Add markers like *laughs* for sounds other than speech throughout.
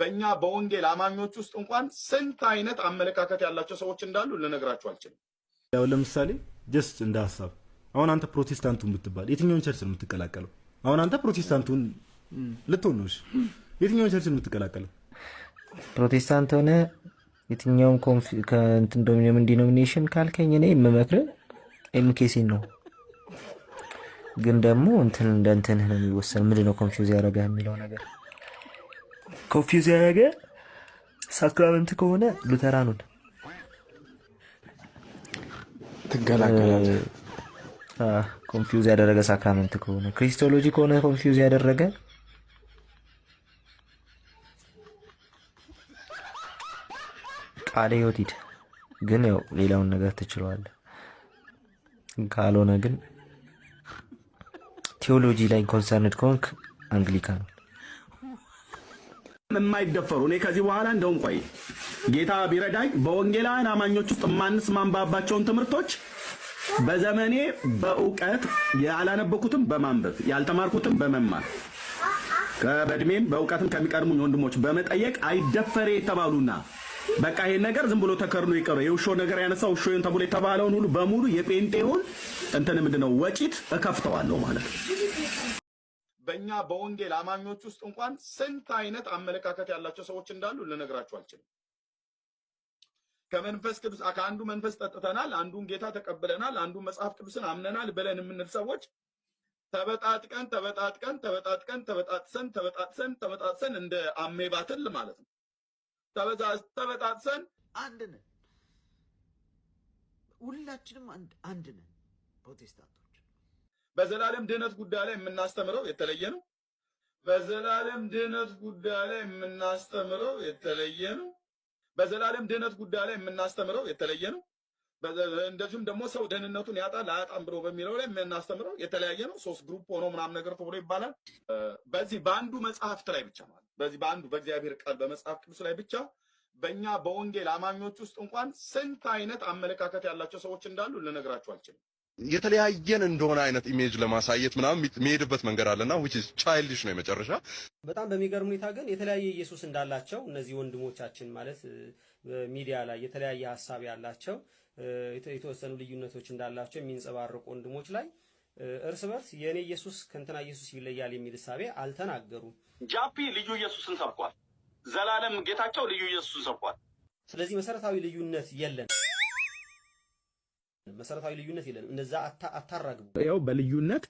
በእኛ በወንጌል አማኞች ውስጥ እንኳን ስንት አይነት አመለካከት ያላቸው ሰዎች እንዳሉ ልነግራቸው አልችልም። ያው ለምሳሌ ጀስት እንደ ሀሳብ አሁን አንተ ፕሮቴስታንቱን ብትባል የትኛውን ቸርች ነው የምትቀላቀለው? አሁን አንተ ፕሮቴስታንቱን ልትሆን ነው። የትኛውን ቸርች ነው የምትቀላቀለው? ፕሮቴስታንት ሆነ የትኛውን ኮንዶሚኒየም ዲኖሚኔሽን ካልከኝ እኔ የምመክርህ ኤምኬሲን ነው። ግን ደግሞ እንትን እንደ እንትንህ ነው የሚወሰን። ምንድነው ኮንፊውዝ ያደረገህ የሚለው ነገር ኮንፊውዝ ያደረገ ሳክራመንት ከሆነ ሉተራኑን ትገላገላለህ። ኮንፊውዝ ያደረገ ሳክራመንት ከሆነ ክሪስቶሎጂ ከሆነ ኮንፊውዝ ያደረገ ቃለ ሕይወት ሂድ። ግን ያው ሌላውን ነገር ትችለዋለህ። ካልሆነ ግን ቴዎሎጂ ላይ ኮንሰርንድ ከሆንክ አንግሊካን የማይደፈሩ እኔ ከዚህ በኋላ እንደውም ቆይ ጌታ ቢረዳኝ በወንጌላውያን አማኞች ውስጥ ማንስ ማንባባቸውን ትምህርቶች በዘመኔ በእውቀት ያላነበኩትም በማንበብ ያልተማርኩትም በመማር በእድሜም በእውቀትም ከሚቀድሙኝ ወንድሞች በመጠየቅ አይደፈሬ የተባሉና በቃ ይሄን ነገር ዝም ብሎ ተከርኖ ይቀረ የውሾ ነገር ያነሳ ውሾ ተብሎ የተባለውን ሁሉ በሙሉ የጴንጤውን እንትን ምንድነው ወጪት እከፍተዋለሁ ማለት ነው። በእኛ በወንጌል አማኞች ውስጥ እንኳን ስንት አይነት አመለካከት ያላቸው ሰዎች እንዳሉ ልነግራችሁ አልችልም። ከመንፈስ ቅዱስ ከአንዱ መንፈስ ጠጥተናል፣ አንዱን ጌታ ተቀብለናል፣ አንዱን መጽሐፍ ቅዱስን አምነናል ብለን የምንል ሰዎች ተበጣጥቀን ተበጣጥቀን ተበጣጥቀን ተበጣጥሰን ተበጣጥሰን ተበጣጥሰን እንደ አሜባትል ማለት ነው። ተበጣጥሰን አንድ ነን፣ ሁላችንም አንድ ነን ፕሮቴስታንቶች በዘላለም ድህነት ጉዳይ ላይ የምናስተምረው የተለየ ነው። በዘላለም ድህነት ጉዳይ ላይ የምናስተምረው የተለየ ነው። በዘላለም ድህነት ጉዳይ ላይ የምናስተምረው የተለየ ነው። እንደዚሁም ደግሞ ሰው ደህንነቱን ያጣል አያጣም ብሎ በሚለው ላይ የምናስተምረው የተለያየ ነው። ሶስት ግሩፕ ሆኖ ምናምን ነገር ተብሎ ይባላል። በዚህ በአንዱ መጽሐፍት ላይ ብቻ ማለት በዚህ በአንዱ በእግዚአብሔር ቃል በመጽሐፍ ቅዱስ ላይ ብቻ በእኛ በወንጌል አማኞች ውስጥ እንኳን ስንት አይነት አመለካከት ያላቸው ሰዎች እንዳሉ ልነግራችሁ አልችልም። የተለያየን እንደሆነ አይነት ኢሜጅ ለማሳየት ምናምን የሚሄድበት መንገድ አለና which is childish ነው የመጨረሻ። በጣም በሚገርም ሁኔታ ግን የተለያየ ኢየሱስ እንዳላቸው እነዚህ ወንድሞቻችን ማለት ሚዲያ ላይ የተለያየ ሀሳብ ያላቸው የተወሰኑ ልዩነቶች እንዳላቸው የሚንጸባረቁ ወንድሞች ላይ እርስ በርስ የእኔ ኢየሱስ ከእንትና ኢየሱስ ይለያል የሚል እሳቤ አልተናገሩም። ጃፒ ልዩ ኢየሱስን ሰብኳል። ዘላለም ጌታቸው ልዩ ኢየሱስን ሰብኳል። ስለዚህ መሰረታዊ ልዩነት የለን። መሰረታዊ ልዩነት የለንም። እንደዛ አታራግቡ። ያው በልዩነት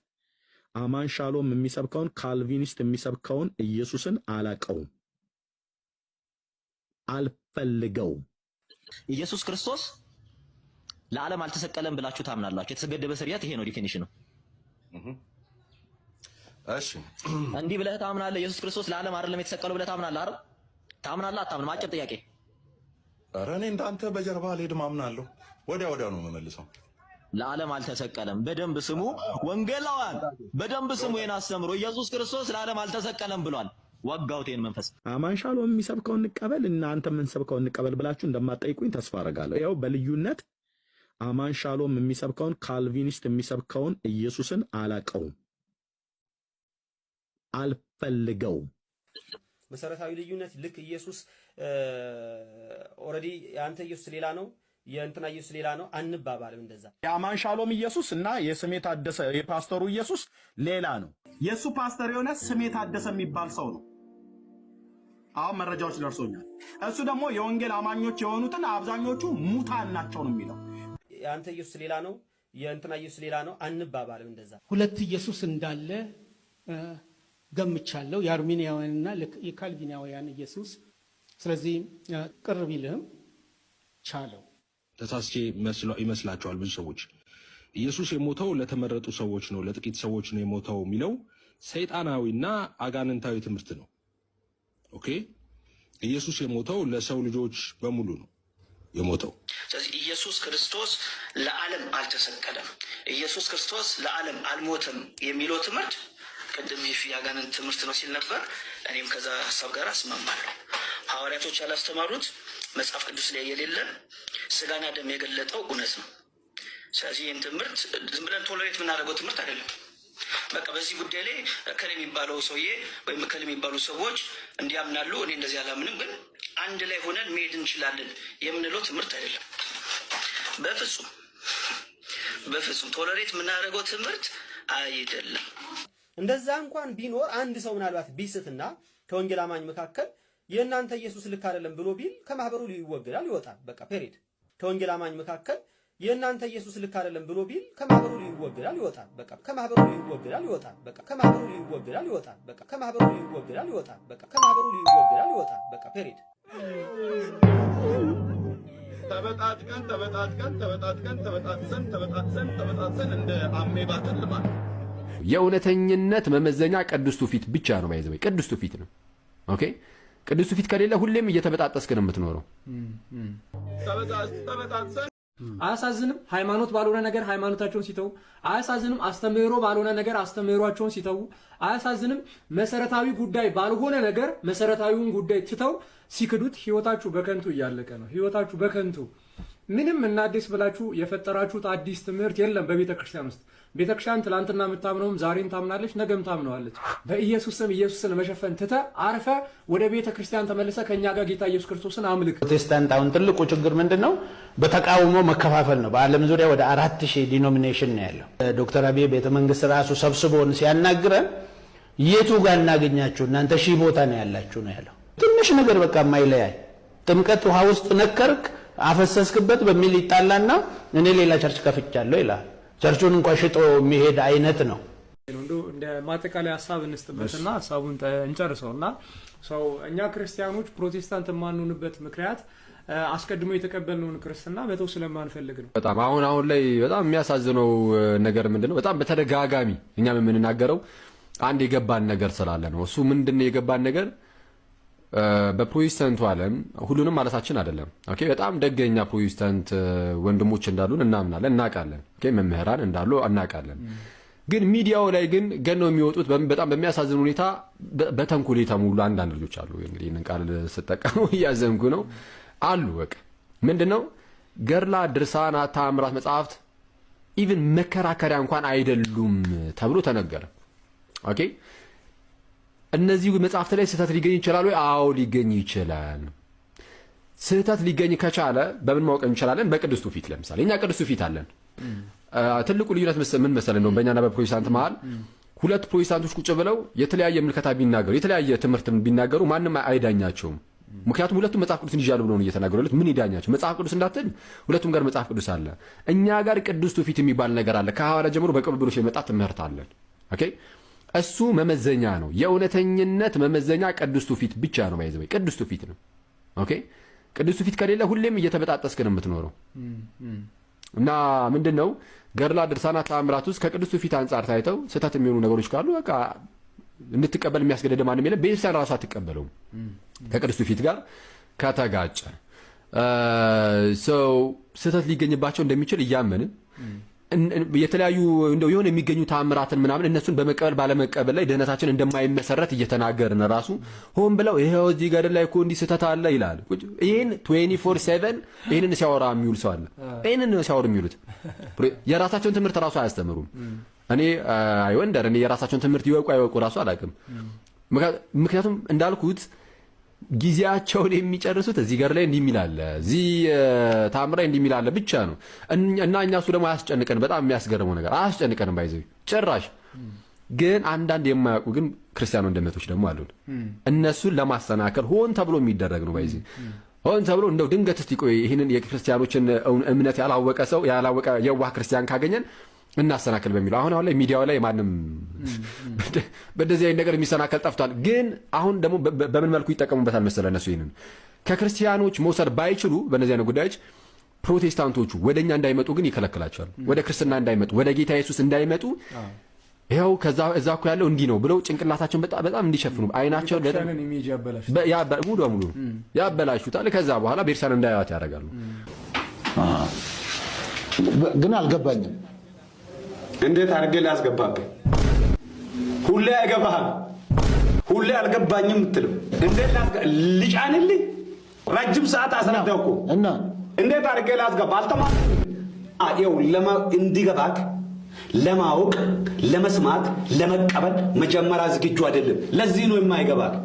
አማን ሻሎም የሚሰብከውን ካልቪኒስት የሚሰብከውን ኢየሱስን አላቀውም፣ አልፈልገውም። ኢየሱስ ክርስቶስ ለዓለም አልተሰቀለም ብላችሁ ታምናላችሁ። የተገደበ ስርየት ይሄ ነው፣ ዲፊኒሽኑ። እሺ እንዲህ ብለህ ታምናለህ። ኢየሱስ ክርስቶስ ለዓለም አይደለም የተሰቀለው ብለህ ታምናለህ አይደል? ታምናለህ አታምንም? አጭር ጥያቄ። ኧረ እኔ እንዳንተ በጀርባ አልሄድም፣ ማምናለሁ። ወዲያ ወዲያ ነው የምመልሰው። ለዓለም አልተሰቀለም። በደንብ ስሙ ወንጌላውያን፣ በደንብ ስሙ ይህን አስተምሮ። ኢየሱስ ክርስቶስ ለዓለም አልተሰቀለም ብሏል። ወጋውቴን መንፈስ አማን ሻሎም የሚሰብከው እንቀበል እና አንተ የምንሰብከው እንቀበል ብላችሁ እንደማትጠይቁኝ ተስፋ አረጋለሁ። ያው በልዩነት አማን ሻሎም የሚሰብከውን ካልቪኒስት የሚሰብከውን ኢየሱስን አላቀውም፣ አልፈልገውም። መሰረታዊ ልዩነት ልክ ኢየሱስ ኦልሬዲ አንተ ኢየሱስ ሌላ ነው የእንትና ኢየሱስ ሌላ ነው አንባባልም። እንደዛ የአማን ሻሎም ኢየሱስ እና የስሜ ታደሰ የፓስተሩ ኢየሱስ ሌላ ነው። የእሱ ፓስተር የሆነ ስሜ ታደሰ የሚባል ሰው ነው። አሁን መረጃዎች ደርሶኛል። እሱ ደግሞ የወንጌል አማኞች የሆኑትን አብዛኞቹ ሙታን ናቸው ነው የሚለው። የአንተ ኢየሱስ ሌላ ነው፣ የእንትና ኢየሱስ ሌላ ነው አንባባልም። እንደዛ ሁለት ኢየሱስ እንዳለ ገምቻለሁ፣ የአርሜኒያውያንና የካልቪናውያን ኢየሱስ። ስለዚህ ቅርብ ይልህም ቻለው ተሳስቼ ይመስላቸዋል ብዙ ሰዎች። ኢየሱስ የሞተው ለተመረጡ ሰዎች ነው፣ ለጥቂት ሰዎች ነው የሞተው የሚለው ሰይጣናዊና አጋንንታዊ ትምህርት ነው። ኦኬ ኢየሱስ የሞተው ለሰው ልጆች በሙሉ ነው የሞተው። ስለዚህ ኢየሱስ ክርስቶስ ለዓለም አልተሰቀለም፣ ኢየሱስ ክርስቶስ ለዓለም አልሞተም የሚለው ትምህርት ቅድም ይህ ያጋንን ትምህርት ነው ሲል ነበር። እኔም ከዛ ሀሳብ ጋር አስማማለሁ። ሐዋርያቶች ያላስተማሩት መጽሐፍ ቅዱስ ላይ የሌለ ስጋና ደም የገለጠው እውነት ነው። ስለዚህ ይህን ትምህርት ዝም ብለን ቶሎሬት የምናደርገው ትምህርት አይደለም። በቃ በዚህ ጉዳይ ላይ እከል የሚባለው ሰውዬ ወይም እከል የሚባሉ ሰዎች እንዲያምናሉ እኔ እንደዚህ አላምንም፣ ግን አንድ ላይ ሆነን መሄድ እንችላለን የምንለው ትምህርት አይደለም። በፍጹም በፍጹም ቶለሬት የምናደርገው ትምህርት አይደለም። እንደዛ እንኳን ቢኖር አንድ ሰው ምናልባት ቢስትና ከወንጌል አማኝ መካከል የእናንተ ኢየሱስ ልክ አይደለም ብሎ ቢል ከማህበሩ ይወገዳል፣ ይወጣል። በቃ ፔሬድ። ከወንጌል አማኝ መካከል የእናንተ ኢየሱስ ልክ አይደለም ብሎ ቢል ከማህበሩ ይወገዳል፣ ይወጣል። በቃ ከማህበሩ ይወገዳል፣ ይወጣል። በቃ ከማህበሩ ይወገዳል፣ ይወጣል። በቃ ከማህበሩ ይወገዳል፣ ይወጣል። በቃ ከማህበሩ ይወገዳል፣ ይወጣል። በቃ ፔሬድ። ተበጣጥቀን ተበጣጥቀን ተበጣጥቀን ተበጣጥሰን ተበጣጥሰን ተበጣጥሰን እንደ አሜባ ተልማል። የእውነተኝነት መመዘኛ ቅዱስቱ ትውፊት ብቻ ነው። ማይዘበይ ቅዱስቱ ትውፊት ነው። ኦኬ ቅዱሱ ፊት ከሌለ ሁሌም እየተበጣጠስክ ነው የምትኖረው። አያሳዝንም? ሃይማኖት ባልሆነ ነገር ሃይማኖታቸውን ሲተዉ አያሳዝንም? አስተምህሮ ባልሆነ ነገር አስተምህሯቸውን ሲተዉ አያሳዝንም? መሰረታዊ ጉዳይ ባልሆነ ነገር መሰረታዊውን ጉዳይ ትተው ሲክዱት ህይወታችሁ በከንቱ እያለቀ ነው። ህይወታችሁ በከንቱ ምንም እናዲስ ብላችሁ የፈጠራችሁት አዲስ ትምህርት የለም በቤተ ክርስቲያን ውስጥ ቤተክርስቲያን ትላንትና የምታምነውም ዛሬም ታምናለች፣ ነገም ታምነዋለች። በኢየሱስ ስም ኢየሱስን መሸፈን ትተ አርፈ ወደ ቤተ ክርስቲያን ተመልሰ ከእኛ ጋር ጌታ ኢየሱስ ክርስቶስን አምልክ። ፕሮቴስታንት አሁን ትልቁ ችግር ምንድን ነው? በተቃውሞ መከፋፈል ነው። በዓለም ዙሪያ ወደ አራት ሺህ ዲኖሚኔሽን ነው ያለው። ዶክተር አብይ ቤተመንግስት ራሱ ሰብስቦን ሲያናግረን የቱ ጋር እናገኛችሁ እናንተ ሺህ ቦታ ነው ያላችሁ ነው ያለው። ትንሽ ነገር በቃ የማይለያይ ጥምቀት ውሃ ውስጥ ነከርክ አፈሰስክበት በሚል ይጣላና እኔ ሌላ ቸርች ከፍቻለሁ ይላል። ቸርቹን እንኳ ሽጦ የሚሄድ አይነት ነው። እንደ ማጠቃለያ ሀሳብ እንስጥበትና ሀሳቡን እንጨርሰው እና ሰው እኛ ክርስቲያኖች ፕሮቴስታንት የማንሆንበት ምክንያት አስቀድሞ የተቀበልነውን ክርስትና መተው ስለማንፈልግ ነው። በጣም አሁን አሁን ላይ በጣም የሚያሳዝነው ነገር ምንድነው? በጣም በተደጋጋሚ እኛም የምንናገረው አንድ የገባን ነገር ስላለ ነው። እሱ ምንድነው የገባን ነገር በፕሮቴስታንቱ ዓለም ሁሉንም ማለታችን አይደለም። ኦኬ በጣም ደገኛ ፕሮቴስታንት ወንድሞች እንዳሉን እናምናለን፣ እናውቃለን። ኦኬ መምህራን እንዳሉ እናውቃለን። ግን ሚዲያው ላይ ግን ገነው የሚወጡት በጣም በሚያሳዝን ሁኔታ በተንኮል የተሞሉ አንዳንድ ልጆች አሉ። እንግዲህ ይህንን ቃል ስጠቀሙ *laughs* እያዘንኩ ነው አሉ። በቃ ምንድን ነው ገድላ ድርሳናት፣ ተአምራት፣ መጽሐፍት ኢቭን መከራከሪያ እንኳን አይደሉም ተብሎ ተነገረ። ኦኬ እነዚህ መጽሐፍት ላይ ስህተት ሊገኝ ይችላል ወይ? አዎ ሊገኝ ይችላል። ስህተት ሊገኝ ከቻለ በምን ማወቅ እንችላለን? በቅዱስቱ ፊት ለምሳሌ እኛ ቅዱስቱ ፊት አለን። ትልቁ ልዩነት ምን መሰለህ ነው በእኛና በፕሮቴስታንት መሀል ሁለት ፕሮቴስታንቶች ቁጭ ብለው የተለያየ ምልከታ ቢናገሩ የተለያየ ትምህርት ቢናገሩ ማንም አይዳኛቸውም። ምክንያቱም ሁለቱም መጽሐፍ ቅዱስ እንዲያሉ ብሎ ነው እየተናገሩለት። ምን ይዳኛቸው? መጽሐፍ ቅዱስ እንዳትል ሁለቱም ጋር መጽሐፍ ቅዱስ አለ። እኛ ጋር ቅዱስቱ ፊት የሚባል ነገር አለ። ከሐዋርያ ጀምሮ በቅብብሎች የመጣ ትምህርት አለን። ኦኬ እሱ መመዘኛ ነው። የእውነተኝነት መመዘኛ ቅዱስ ፊት ብቻ ነው። ባይዘ ቅዱስ ፊት ነው። ኦኬ ቅዱስቱ ፊት ከሌለ ሁሌም እየተበጣጠስክ ነው የምትኖረው። እና ምንድን ነው ገድላ ድርሳናት ተአምራት ውስጥ ከቅዱስቱ ፊት አንጻር ታይተው ስህተት የሚሆኑ ነገሮች ካሉ በቃ እንድትቀበል የሚያስገደደ ማንም የለም። ቤተክርስቲያን ራሱ አትቀበለውም ከቅዱስቱ ፊት ጋር ከተጋጨ ሰው ስህተት ሊገኝባቸው እንደሚችል እያመንን የተለያዩ እንደው የሆነ የሚገኙ ተአምራትን ምናምን እነሱን በመቀበል ባለመቀበል ላይ ደህነታችን እንደማይመሰረት እየተናገርን ራሱ ሆን ብለው ይኸው እዚህ ገደል ላይ እኮ እንዲህ ስህተት አለ ይላል። ይህን 24/7 ይህንን ሲያወራ የሚውል ሰው አለ። ይህንን ሲያወሩ የሚውሉት የራሳቸውን ትምህርት ራሱ አያስተምሩም። እኔ አይወንደር እኔ የራሳቸውን ትምህርት ይወቁ አይወቁ ራሱ አላውቅም። ምክንያቱም እንዳልኩት ጊዜያቸውን የሚጨርሱት እዚህ ገር ላይ እንዲህ የሚላለ እዚህ ታምራይ እንዲህ የሚላለ ብቻ ነው እና እኛ እሱ ደግሞ አያስጨንቀን። በጣም የሚያስገርመው ነገር አያስጨንቀንም። ባይዘ ጭራሽ ግን አንዳንድ የማያውቁ ግን ክርስቲያን ወንድነቶች ደግሞ አሉን። እነሱን ለማሰናከል ሆን ተብሎ የሚደረግ ነው። ባይዘ ሆን ተብሎ እንደው ድንገት እስቲ ቆይ ይህንን የክርስቲያኖችን እምነት ያላወቀ ሰው ያላወቀ የዋህ ክርስቲያን ካገኘን እናሰናክል በሚለው አሁን አሁን ላይ ሚዲያው ላይ ማንም በእንደዚህ አይነት ነገር የሚሰናከል ጠፍቷል። ግን አሁን ደግሞ በምን መልኩ ይጠቀሙበታል መሰለህ? እነሱ ይህንን ከክርስቲያኖች መውሰድ ባይችሉ በእነዚህ አይነት ጉዳዮች ፕሮቴስታንቶቹ ወደ እኛ እንዳይመጡ ግን ይከለክላቸዋል። ወደ ክርስትና እንዳይመጡ፣ ወደ ጌታ ኢየሱስ እንዳይመጡ ይኸው ከዛ እዛ እኮ ያለው እንዲህ ነው ብለው ጭንቅላታቸውን በጣም እንዲሸፍኑ አይናቸው ሙሉ በሙሉ ያበላሹታል። ከዛ በኋላ ቤርሳን እንዳያዋት ያደርጋሉ። ግን አልገባኝም እንዴት አድርጌ ላስገባብህ? ሁሌ አይገባህም፣ ሁሌ አልገባኝም ምትለው እንዴት ልጫንልህ? ረጅም ሰዓት አስረዳው እኮ እና እንዴት አድርጌ ላስገባ አልተማርኩም። እንዲገባክ ለማወቅ ለመስማት ለመቀበል መጀመሪያ ዝግጁ አይደለም። ለዚህ ነው የማይገባክ።